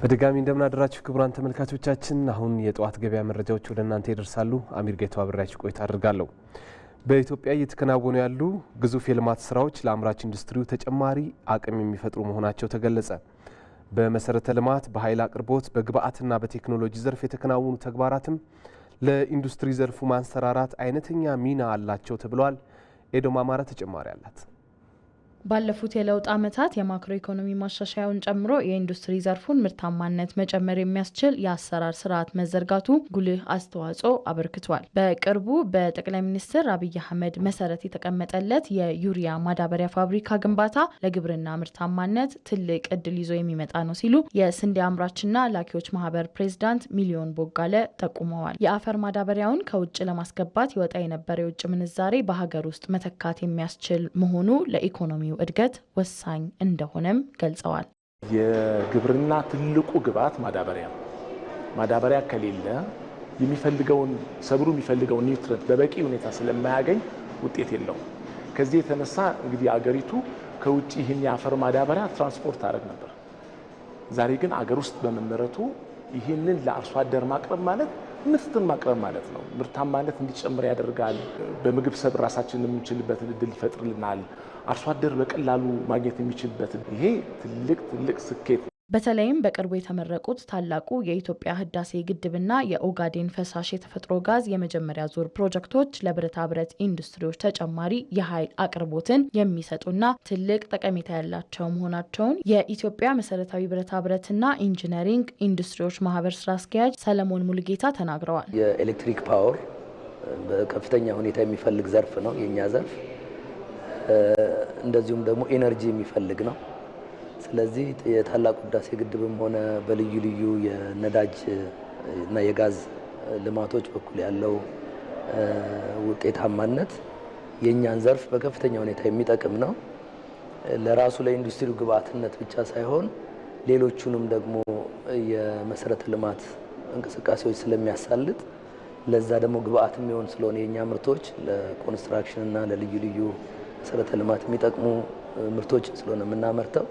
በድጋሚ እንደምናደራችሁ ክቡራን ተመልካቾቻችን። አሁን የጠዋት ገበያ መረጃዎች ወደ እናንተ ይደርሳሉ። አሚር ጌቱ አብሬያችሁ ቆይታ አድርጋለሁ። በኢትዮጵያ እየተከናወኑ ያሉ ግዙፍ የልማት ስራዎች ለአምራች ኢንዱስትሪው ተጨማሪ አቅም የሚፈጥሩ መሆናቸው ተገለጸ። በመሰረተ ልማት፣ በኃይል አቅርቦት፣ በግብአትና በቴክኖሎጂ ዘርፍ የተከናወኑ ተግባራትም ለኢንዱስትሪ ዘርፉ ማንሰራራት አይነተኛ ሚና አላቸው ተብለዋል። ኤዶም አማረ ተጨማሪ አላት። ባለፉት የለውጥ ዓመታት የማክሮ ኢኮኖሚ ማሻሻያውን ጨምሮ የኢንዱስትሪ ዘርፉን ምርታማነት መጨመር የሚያስችል የአሰራር ስርዓት መዘርጋቱ ጉልህ አስተዋጽኦ አበርክቷል። በቅርቡ በጠቅላይ ሚኒስትር አብይ አህመድ መሰረት የተቀመጠለት የዩሪያ ማዳበሪያ ፋብሪካ ግንባታ ለግብርና ምርታማነት ትልቅ እድል ይዞ የሚመጣ ነው ሲሉ የስንዴ አምራችና ላኪዎች ማህበር ፕሬዚዳንት ሚሊዮን ቦጋለ ጠቁመዋል። የአፈር ማዳበሪያውን ከውጭ ለማስገባት ይወጣ የነበረ የውጭ ምንዛሬ በሀገር ውስጥ መተካት የሚያስችል መሆኑ ለኢኮኖሚ የኢኮኖሚው እድገት ወሳኝ እንደሆነም ገልጸዋል። የግብርና ትልቁ ግብዓት ማዳበሪያ ነው። ማዳበሪያ ከሌለ የሚፈልገውን ሰብሉ የሚፈልገውን ኒውትረንት በበቂ ሁኔታ ስለማያገኝ ውጤት የለውም። ከዚህ የተነሳ እንግዲህ አገሪቱ ከውጭ ይህን የአፈር ማዳበሪያ ትራንስፖርት አደረግ ነበር። ዛሬ ግን አገር ውስጥ በመመረቱ ይህንን ለአርሶ አደር ማቅረብ ማለት ምስጥን ማቅረብ ማለት ነው። ምርታማነት እንዲጨምር ያደርጋል። በምግብ ሰብል ራሳችን የምንችልበትን እድል ይፈጥርልናል። አርሶ አደር በቀላሉ ማግኘት የሚችልበትን ይሄ ትልቅ ትልቅ ስኬት በተለይም በቅርቡ የተመረቁት ታላቁ የኢትዮጵያ ህዳሴ ግድብና የኦጋዴን ፈሳሽ የተፈጥሮ ጋዝ የመጀመሪያ ዙር ፕሮጀክቶች ለብረታ ብረት ኢንዱስትሪዎች ተጨማሪ የኃይል አቅርቦትን የሚሰጡና ትልቅ ጠቀሜታ ያላቸው መሆናቸውን የኢትዮጵያ መሰረታዊ ብረታ ብረትና ኢንጂነሪንግ ኢንዱስትሪዎች ማህበር ስራ አስኪያጅ ሰለሞን ሙልጌታ ተናግረዋል። የኤሌክትሪክ ፓወር በከፍተኛ ሁኔታ የሚፈልግ ዘርፍ ነው የእኛ ዘርፍ። እንደዚሁም ደግሞ ኤነርጂ የሚፈልግ ነው። ስለዚህ የታላቁ ህዳሴ ግድብም ሆነ በልዩ ልዩ የነዳጅ እና የጋዝ ልማቶች በኩል ያለው ውጤታማነት የእኛን ዘርፍ በከፍተኛ ሁኔታ የሚጠቅም ነው። ለራሱ ለኢንዱስትሪው ግብአትነት ብቻ ሳይሆን ሌሎቹንም ደግሞ የመሰረተ ልማት እንቅስቃሴዎች ስለሚያሳልጥ ለዛ ደግሞ ግብአት የሚሆን ስለሆነ የእኛ ምርቶች ለኮንስትራክሽን እና ለልዩ ልዩ መሰረተ ልማት የሚጠቅሙ ምርቶች ስለሆነ የምናመርተው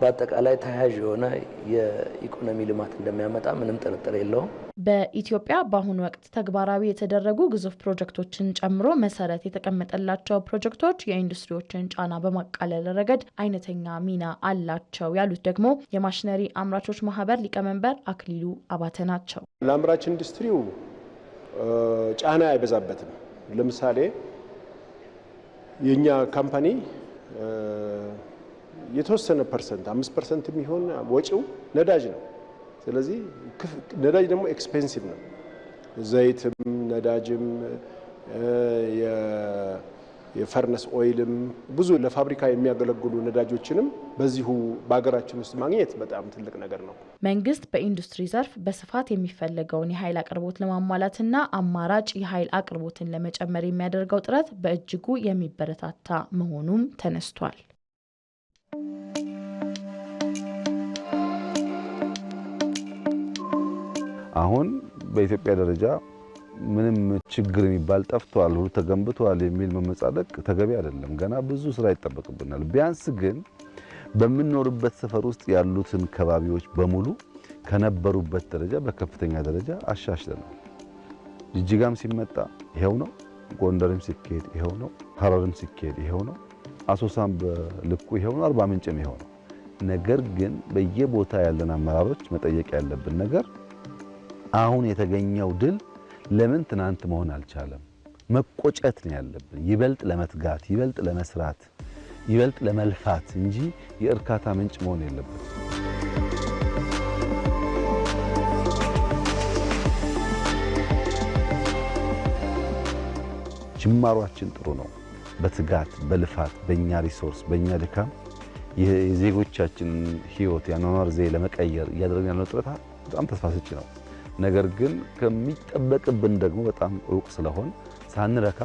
በአጠቃላይ ተያያዥ የሆነ የኢኮኖሚ ልማት እንደሚያመጣ ምንም ጥርጥር የለውም። በኢትዮጵያ በአሁኑ ወቅት ተግባራዊ የተደረጉ ግዙፍ ፕሮጀክቶችን ጨምሮ መሰረት የተቀመጠላቸው ፕሮጀክቶች የኢንዱስትሪዎችን ጫና በማቃለል ረገድ አይነተኛ ሚና አላቸው ያሉት ደግሞ የማሽነሪ አምራቾች ማህበር ሊቀመንበር አክሊሉ አባተ ናቸው። ለአምራች ኢንዱስትሪው ጫና አይበዛበትም። ለምሳሌ የእኛ ካምፓኒ የተወሰነ ፐርሰንት አምስት ፐርሰንት የሚሆን ወጪው ነዳጅ ነው። ስለዚህ ነዳጅ ደግሞ ኤክስፔንሲቭ ነው። ዘይትም ነዳጅም የፈርነስ ኦይልም ብዙ ለፋብሪካ የሚያገለግሉ ነዳጆችንም በዚሁ በሀገራችን ውስጥ ማግኘት በጣም ትልቅ ነገር ነው። መንግስት በኢንዱስትሪ ዘርፍ በስፋት የሚፈለገውን የኃይል አቅርቦት ለማሟላትና አማራጭ የኃይል አቅርቦትን ለመጨመር የሚያደርገው ጥረት በእጅጉ የሚበረታታ መሆኑም ተነስቷል። አሁን በኢትዮጵያ ደረጃ ምንም ችግር የሚባል ጠፍቷል፣ ሁሉ ተገንብቷል የሚል መመጻደቅ ተገቢ አይደለም። ገና ብዙ ስራ ይጠበቅብናል። ቢያንስ ግን በምንኖርበት ሰፈር ውስጥ ያሉትን ከባቢዎች በሙሉ ከነበሩበት ደረጃ በከፍተኛ ደረጃ አሻሽለናል። ጅጅጋም ሲመጣ ይሄው ነው፣ ጎንደርም ሲካሄድ ይሄው ነው፣ ሀረርም ሲካሄድ ይሄው ነው፣ አሶሳም በልኩ ይሄው ነው፣ አርባ ምንጭም ይሄው ነው። ነገር ግን በየቦታ ያለን አመራሮች መጠየቅ ያለብን ነገር አሁን የተገኘው ድል ለምን ትናንት መሆን አልቻለም? መቆጨት ነው ያለብን። ይበልጥ ለመትጋት፣ ይበልጥ ለመስራት፣ ይበልጥ ለመልፋት እንጂ የእርካታ ምንጭ መሆን የለብን። ጅማሯችን ጥሩ ነው። በትጋት በልፋት በእኛ ሪሶርስ በእኛ ድካም የዜጎቻችንን ህይወት የአኗኗር ዜ ለመቀየር እያደረግን ያለው ጥረት በጣም ተስፋ ሰጪ ነው። ነገር ግን ከሚጠበቅብን ደግሞ በጣም ሩቅ ስለሆን ሳንረካ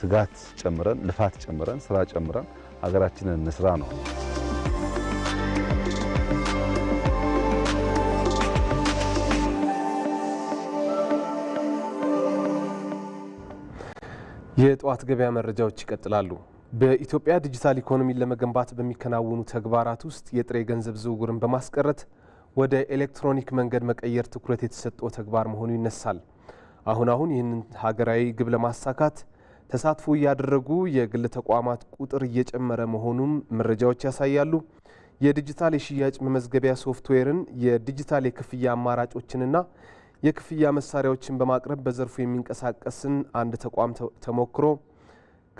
ትጋት ጨምረን ልፋት ጨምረን ስራ ጨምረን ሀገራችንን እንስራ ነው። የጠዋት ገበያ መረጃዎች ይቀጥላሉ። በኢትዮጵያ ዲጂታል ኢኮኖሚን ለመገንባት በሚከናወኑ ተግባራት ውስጥ የጥሬ ገንዘብ ዝውውርን በማስቀረት ወደ ኤሌክትሮኒክ መንገድ መቀየር ትኩረት የተሰጠው ተግባር መሆኑ ይነሳል። አሁን አሁን ይህንን ሀገራዊ ግብ ለማሳካት ተሳትፎ እያደረጉ የግል ተቋማት ቁጥር እየጨመረ መሆኑም መረጃዎች ያሳያሉ። የዲጂታል የሽያጭ መመዝገቢያ ሶፍትዌርን፣ የዲጂታል የክፍያ አማራጮችንና የክፍያ መሳሪያዎችን በማቅረብ በዘርፉ የሚንቀሳቀስን አንድ ተቋም ተሞክሮ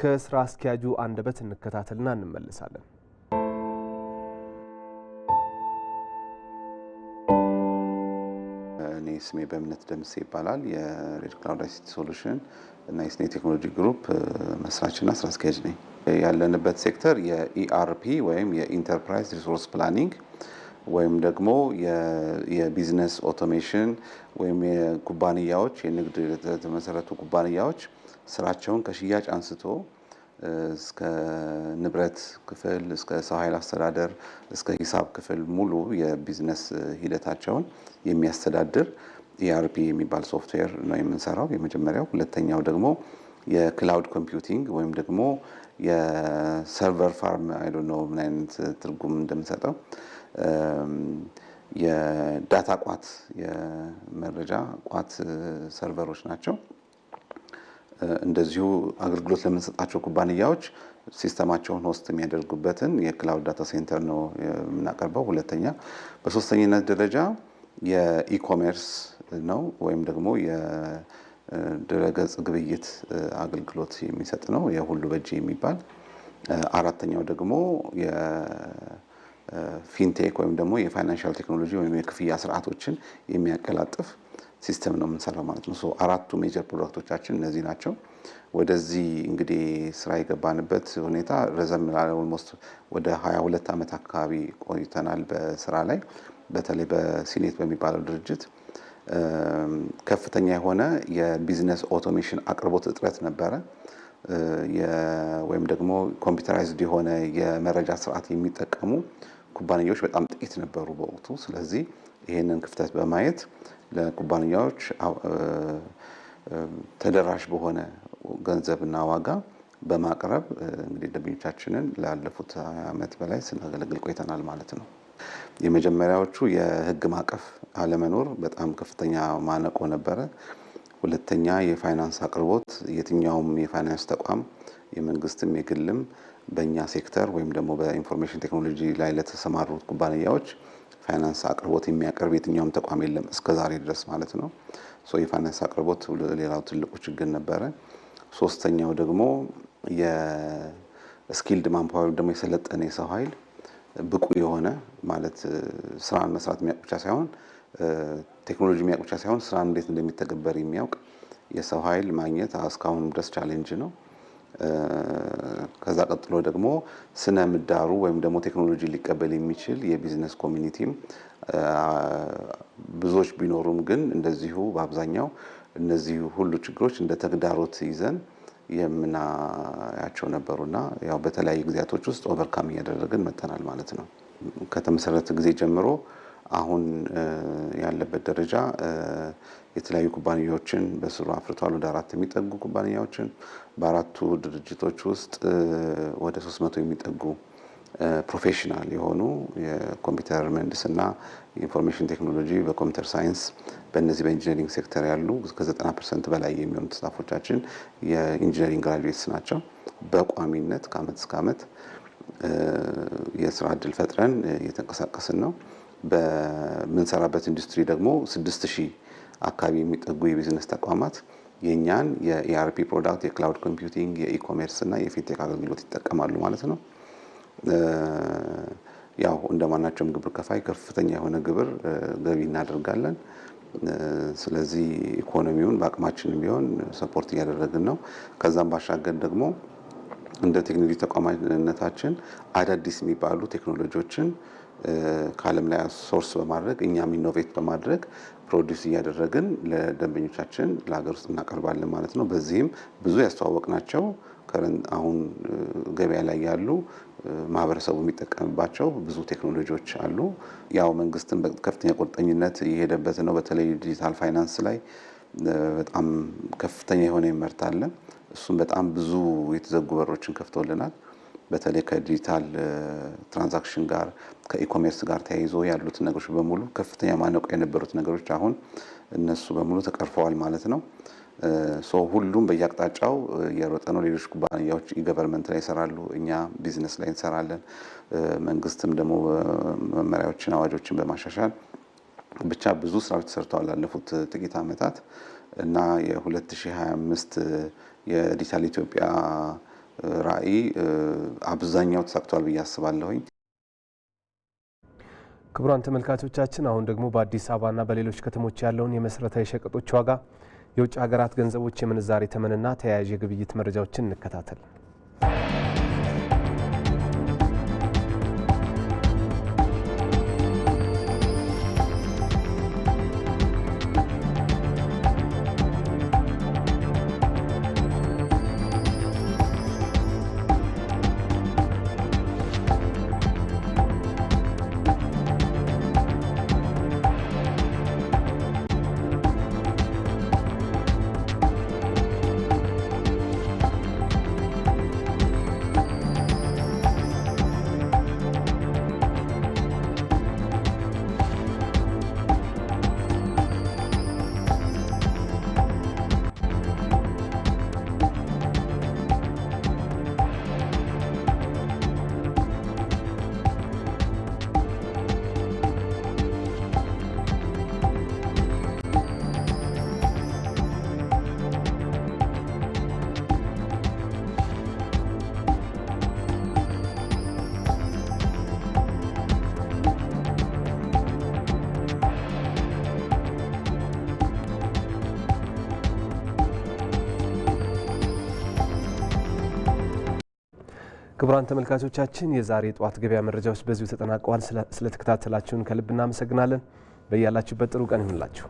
ከስራ አስኪያጁ አንደበት እንከታተልና እንመልሳለን። ስሜ በእምነት ደምሴ ይባላል። የሬድ ክላውድ አይሲቲ ሶሉሽን እና የስኔ ቴክኖሎጂ ግሩፕ መስራችና ስራ አስኪያጅ ነኝ። ያለንበት ሴክተር የኢአርፒ ወይም የኢንተርፕራይዝ ሪሶርስ ፕላኒንግ ወይም ደግሞ የቢዝነስ ኦቶሜሽን ወይም የኩባንያዎች የንግድ የተመሰረቱ ኩባንያዎች ስራቸውን ከሽያጭ አንስቶ እስከ ንብረት ክፍል እስከ ሰው ኃይል አስተዳደር እስከ ሂሳብ ክፍል ሙሉ የቢዝነስ ሂደታቸውን የሚያስተዳድር ኢአርፒ e የሚባል ሶፍትዌር ነው የምንሰራው። የመጀመሪያው። ሁለተኛው ደግሞ የክላውድ ኮምፒውቲንግ ወይም ደግሞ የሰርቨር ፋርም አይዶ ነው ምን አይነት ትርጉም እንደምንሰጠው የዳታ ቋት የመረጃ ቋት ሰርቨሮች ናቸው። እንደዚሁ አገልግሎት ለምንሰጣቸው ኩባንያዎች ሲስተማቸውን ሆስት የሚያደርጉበትን የክላውድ ዳታ ሴንተር ነው የምናቀርበው። ሁለተኛ፣ በሶስተኝነት ደረጃ የኢኮሜርስ ነው ወይም ደግሞ የድረገጽ ግብይት አገልግሎት የሚሰጥ ነው የሁሉ በጅ የሚባል። አራተኛው ደግሞ የፊንቴክ ወይም ደግሞ የፋይናንሻል ቴክኖሎጂ ወይም የክፍያ ስርዓቶችን የሚያቀላጥፍ ሲስተም ነው የምንሰራው ማለት ነው። አራቱ ሜጀር ፕሮዳክቶቻችን እነዚህ ናቸው። ወደዚህ እንግዲህ ስራ የገባንበት ሁኔታ ረዘም ላለ ኦልሞስት ወደ 22 ዓመት አካባቢ ቆይተናል በስራ ላይ በተለይ በሲኔት በሚባለው ድርጅት ከፍተኛ የሆነ የቢዝነስ ኦቶሜሽን አቅርቦት እጥረት ነበረ። ወይም ደግሞ ኮምፒውተራይዝድ የሆነ የመረጃ ስርዓት የሚጠቀሙ ኩባንያዎች በጣም ጥቂት ነበሩ በወቅቱ። ስለዚህ ይህንን ክፍተት በማየት ለኩባንያዎች ተደራሽ በሆነ ገንዘብና ዋጋ በማቅረብ እንግዲህ ደንበኞቻችንን ላለፉት ዓመት በላይ ስናገለግል ቆይተናል ማለት ነው። የመጀመሪያዎቹ የህግ ማቀፍ አለመኖር በጣም ከፍተኛ ማነቆ ነበረ። ሁለተኛ የፋይናንስ አቅርቦት፣ የትኛውም የፋይናንስ ተቋም የመንግስትም የግልም በእኛ ሴክተር ወይም ደግሞ በኢንፎርሜሽን ቴክኖሎጂ ላይ ለተሰማሩት ኩባንያዎች ፋይናንስ አቅርቦት የሚያቀርብ የትኛውም ተቋም የለም እስከ ዛሬ ድረስ ማለት ነው። የፋይናንስ አቅርቦት ሌላው ትልቁ ችግር ነበረ። ሶስተኛው ደግሞ የስኪልድ ማንፓወር ወይም ደግሞ የሰለጠነ የሰው ኃይል ብቁ የሆነ ማለት ስራን መስራት የሚያውቅ ብቻ ሳይሆን ቴክኖሎጂ የሚያውቅ ብቻ ሳይሆን ስራን እንዴት እንደሚተገበር የሚያውቅ የሰው ኃይል ማግኘት እስካሁንም ድረስ ቻሌንጅ ነው። ከዛ ቀጥሎ ደግሞ ስነ ምህዳሩ ወይም ደግሞ ቴክኖሎጂ ሊቀበል የሚችል የቢዝነስ ኮሚኒቲም ብዙዎች ቢኖሩም ግን እንደዚሁ በአብዛኛው እነዚህ ሁሉ ችግሮች እንደ ተግዳሮት ይዘን የምናያቸው ነበሩና ያው በተለያዩ ጊዜያቶች ውስጥ ኦቨርካም እያደረግን መጥተናል ማለት ነው። ከተመሰረተ ጊዜ ጀምሮ አሁን ያለበት ደረጃ የተለያዩ ኩባንያዎችን በስሩ አፍርቷል። ወደ አራት የሚጠጉ ኩባንያዎችን በአራቱ ድርጅቶች ውስጥ ወደ ሶስት መቶ የሚጠጉ ፕሮፌሽናል የሆኑ የኮምፒውተር ምህንድስና፣ የኢንፎርሜሽን ቴክኖሎጂ፣ በኮምፒውተር ሳይንስ በእነዚህ በኢንጂነሪንግ ሴክተር ያሉ ከ90 ፐርሰንት በላይ የሚሆኑ ስታፎቻችን የኢንጂነሪንግ ግራጁዌትስ ናቸው። በቋሚነት ከአመት እስከ አመት የስራ እድል ፈጥረን እየተንቀሳቀስን ነው። በምንሰራበት ኢንዱስትሪ ደግሞ ስድስት ሺህ አካባቢ የሚጠጉ የቢዝነስ ተቋማት የእኛን የኢአርፒ ፕሮዳክት የክላውድ ኮምፒውቲንግ የኢኮሜርስ እና የፊንቴክ አገልግሎት ይጠቀማሉ ማለት ነው። ያው እንደማናቸውም ግብር ከፋይ ከፍተኛ የሆነ ግብር ገቢ እናደርጋለን። ስለዚህ ኢኮኖሚውን በአቅማችን ቢሆን ሰፖርት እያደረግን ነው። ከዛም ባሻገር ደግሞ እንደ ቴክኖሎጂ ተቋማነታችን አዳዲስ የሚባሉ ቴክኖሎጂዎችን ከዓለም ላይ ሶርስ በማድረግ እኛም ኢኖቬት በማድረግ ፕሮዲስ እያደረግን ለደንበኞቻችን ለሀገር ውስጥ እናቀርባለን ማለት ነው። በዚህም ብዙ ያስተዋወቅናቸው አሁን ገበያ ላይ ያሉ ማህበረሰቡ የሚጠቀምባቸው ብዙ ቴክኖሎጂዎች አሉ። ያው መንግስትን በከፍተኛ ቁርጠኝነት እየሄደበት ነው። በተለይ ዲጂታል ፋይናንስ ላይ በጣም ከፍተኛ የሆነ ይመርታለን። እሱም በጣም ብዙ የተዘጉ በሮችን ከፍቶልናል። በተለይ ከዲጂታል ትራንዛክሽን ጋር ከኢኮሜርስ ጋር ተያይዞ ያሉት ነገሮች በሙሉ ከፍተኛ ማነቆ የነበሩት ነገሮች አሁን እነሱ በሙሉ ተቀርፈዋል ማለት ነው። ሶ ሁሉም በየአቅጣጫው የሮጠ ነው። ሌሎች ኩባንያዎች ኢገቨርንመንት ላይ ይሰራሉ፣ እኛ ቢዝነስ ላይ እንሰራለን። መንግስትም ደግሞ መመሪያዎችን አዋጆችን በማሻሻል ብቻ ብዙ ስራዎች ተሰርተዋል ላለፉት ጥቂት ዓመታት እና የ2025 የዲጂታል ኢትዮጵያ ራዕይ አብዛኛው ተሳክቷል ብዬ አስባለሁኝ። ክቡራን ተመልካቾቻችን አሁን ደግሞ በአዲስ አበባና በሌሎች ከተሞች ያለውን የመሰረታዊ ሸቀጦች ዋጋ፣ የውጭ ሀገራት ገንዘቦች የምንዛሬ ተመንና ተያያዥ የግብይት መረጃዎችን እንከታተል። ክቡራን ተመልካቾቻችን የዛሬ ጠዋት ገበያ መረጃዎች በዚሁ ተጠናቀዋል። ስለተከታተላችሁን ከልብ እናመሰግናለን። በያላችሁበት ጥሩ ቀን ይሁንላችሁ።